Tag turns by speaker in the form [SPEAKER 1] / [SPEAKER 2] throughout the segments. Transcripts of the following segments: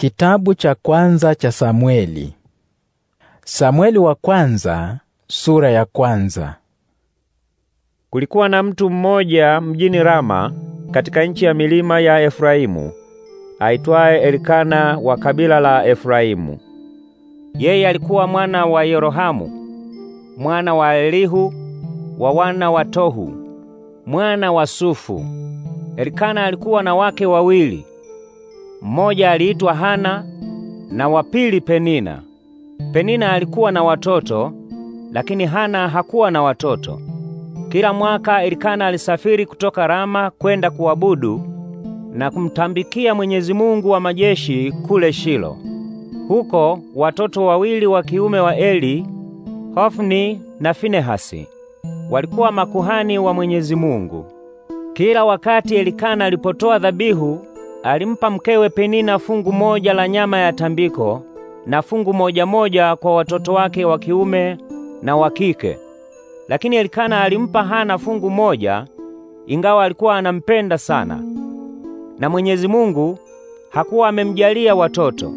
[SPEAKER 1] Kitabu cha kwanza cha Samueli. Samueli wa kwanza, sura ya kwanza. Kulikuwa na mtu mmoja mjini Rama katika nchi ya milima ya Efraimu aitwaye Elikana wa kabila la Efraimu. Yeye alikuwa mwana wa Yerohamu, mwana wa Elihu, wa wana wa Tohu, mwana wa Sufu. Elikana alikuwa na wake wawili mmoja aliitwa Hana na wa pili Penina. Penina alikuwa na watoto, lakini Hana hakuwa na watoto. Kila mwaka Elikana alisafiri kutoka Rama kwenda kuabudu na kumtambikia Mwenyezi Mungu wa majeshi kule Shilo. Huko watoto wawili wa kiume wa Eli, Hofni na Finehasi, walikuwa makuhani wa Mwenyezi Mungu. Kila wakati Elikana alipotoa dhabihu, alimpa mkewe Penina fungu moja la nyama ya tambiko na fungu moja moja kwa watoto wake wa kiume na wa kike. Lakini Elikana alimpa Hana fungu moja, ingawa alikuwa anampenda sana, na Mwenyezi Mungu hakuwa amemjalia watoto.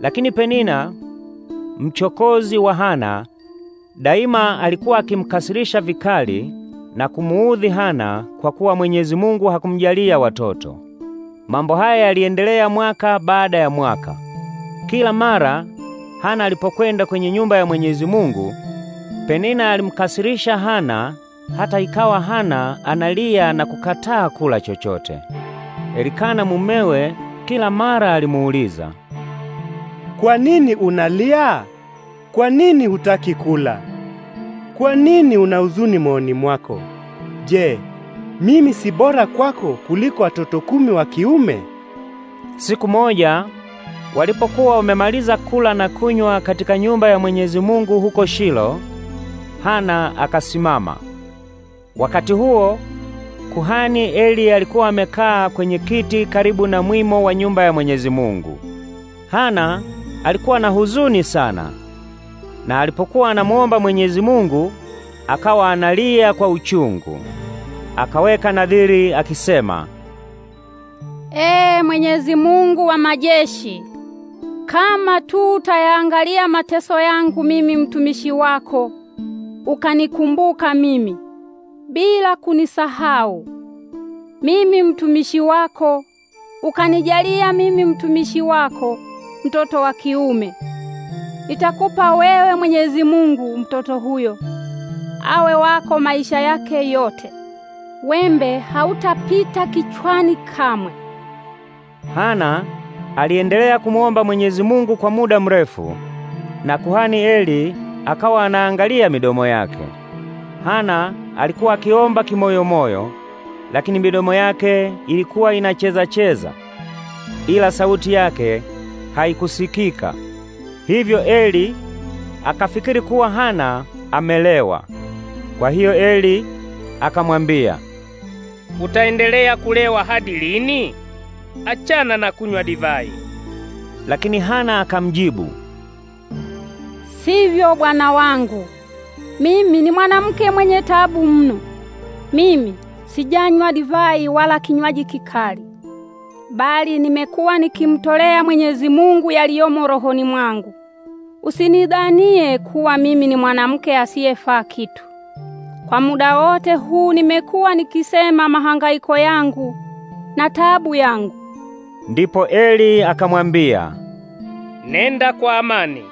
[SPEAKER 1] Lakini Penina mchokozi wa Hana daima alikuwa akimkasirisha vikali na kumuudhi Hana kwa kuwa Mwenyezi Mungu hakumjalia watoto. Mambo haya yaliendelea mwaka baada ya mwaka. Kila mara Hana alipokwenda kwenye nyumba ya Mwenyezi Mungu, Penina alimkasirisha Hana hata ikawa Hana analia na kukataa kula chochote. Elikana mumewe kila mara alimuuliza, kwa nini unalia? Kwa nini hutaki kula? Kwa nini una huzuni moyoni mwako? Je, mimi si bora kwako kuliko watoto kumi wa kiume? Siku moja walipokuwa wamemaliza kula na kunywa katika nyumba ya Mwenyezi Mungu huko Shilo, Hana akasimama. Wakati huo kuhani Eli alikuwa amekaa kwenye kiti karibu na mwimo wa nyumba ya Mwenyezi Mungu. Hana alikuwa na huzuni sana, na alipokuwa anamuomba Mwenyezi Mungu akawa analia kwa uchungu akaweka nadhiri akisema,
[SPEAKER 2] Ee Mwenyezi Mungu wa majeshi, kama tu utayaangalia mateso yangu mimi mtumishi wako, ukanikumbuka mimi bila kunisahau mimi mtumishi wako, ukanijalia mimi mtumishi wako mtoto wa kiume, nitakupa wewe Mwenyezi Mungu mtoto huyo awe wako maisha yake yote wembe hautapita kichwani kamwe.
[SPEAKER 1] Hana aliendelea kumuomba Mwenyezi Mungu kwa muda mrefu, na kuhani Eli akawa anaangalia midomo yake. Hana alikuwa akiomba kimoyomoyo, lakini midomo yake ilikuwa inacheza-cheza, ila sauti yake haikusikika. Hivyo Eli akafikiri kuwa Hana amelewa. Kwa hiyo Eli akamwambia Utaendelea kulewa hadi lini? Achana na kunywa divai. Lakini Hana akamjibu,
[SPEAKER 2] Sivyo bwana wangu, mimi ni mwanamke mwenye tabu mno. Mimi sijanywa divai wala kinywaji kikali, bali nimekuwa nikimtolea Mwenyezi Mungu yaliyomo rohoni mwangu. Usinidhanie kuwa mimi ni mwanamke asiyefaa kitu. Kwa muda wote huu nimekuwa nikisema mahangaiko yangu na taabu yangu.
[SPEAKER 1] Ndipo Eli akamwambia,
[SPEAKER 2] nenda kwa amani,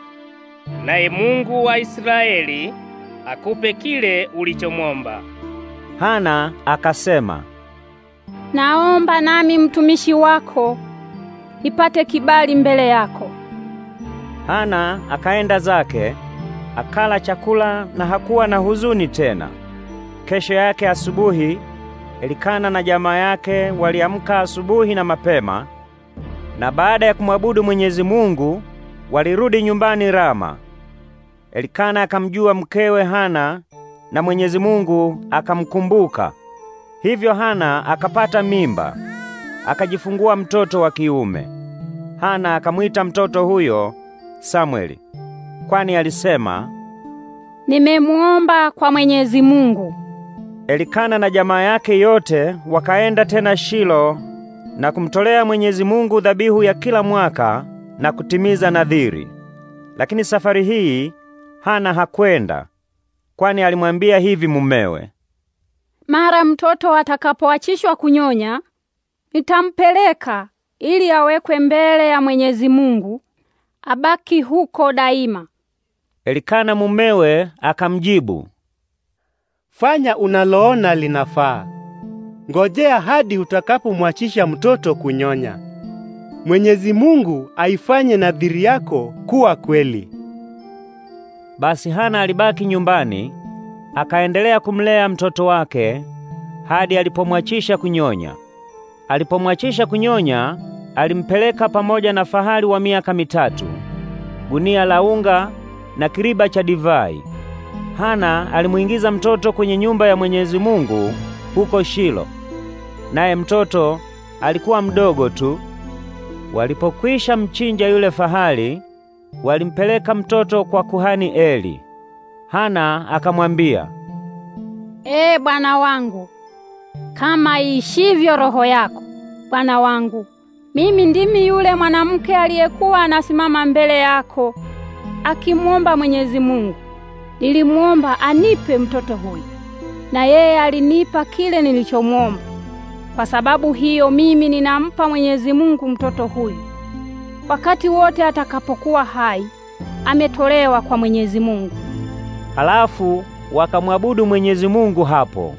[SPEAKER 2] naye Mungu wa
[SPEAKER 1] Israeli akupe kile ulichomwomba. Hana akasema,
[SPEAKER 2] naomba nami mtumishi wako nipate kibali mbele yako.
[SPEAKER 1] Hana akaenda zake, akala chakula na hakuwa na huzuni tena. Kesho yake asubuhi Elikana na jamaa yake waliamka asubuhi na mapema, na baada ya kumwabudu Mwenyezi Mungu walirudi nyumbani Rama. Elikana akamjua mkewe Hana na Mwenyezi Mungu akamkumbuka. Hivyo Hana akapata mimba, akajifungua mtoto wa kiume. Hana akamwita mtoto huyo Samweli, kwani alisema,
[SPEAKER 2] nimemuomba kwa Mwenyezi Mungu
[SPEAKER 1] Elikana na jamaa yake yote wakaenda tena Shilo na kumtolea Mwenyezi Mungu dhabihu ya kila mwaka na kutimiza nadhiri. Lakini safari hii Hana hakwenda, kwani alimwambia hivi mumewe,
[SPEAKER 2] mara mtoto atakapoachishwa kunyonya nitampeleka ili awekwe mbele ya Mwenyezi Mungu, abaki huko daima.
[SPEAKER 1] Elikana mumewe akamjibu, fanya unaloona linafaa. Ngojea hadi utakapomwachisha mtoto kunyonya. Mwenyezi Mungu aifanye nadhiri yako kuwa kweli. Basi Hana alibaki nyumbani akaendelea kumlea mtoto wake hadi alipomwachisha kunyonya. Alipomwachisha kunyonya, alimpeleka pamoja na fahali wa miaka mitatu, gunia la unga na kiriba cha divai. Hana alimuingiza mtoto kwenye nyumba ya Mwenyezi Mungu huko Shilo, naye mtoto alikuwa mdogo tu. Walipokwisha mchinja yule fahali, walimpeleka mtoto kwa kuhani Eli. Hana akamwambia,
[SPEAKER 2] Ee bwana wangu, kama iishivyo roho yako, bwana wangu, mimi ndimi yule mwanamke aliyekuwa anasimama mbele yako akimwomba Mwenyezi Mungu. Nilimwomba anipe mtoto huyu, na yeye alinipa kile nilichomwomba. Kwa sababu hiyo mimi ninampa Mwenyezi Mungu mtoto huyu, wakati wote atakapokuwa hai ametolewa kwa Mwenyezi Mungu. Halafu wakamwabudu Mwenyezi Mungu hapo.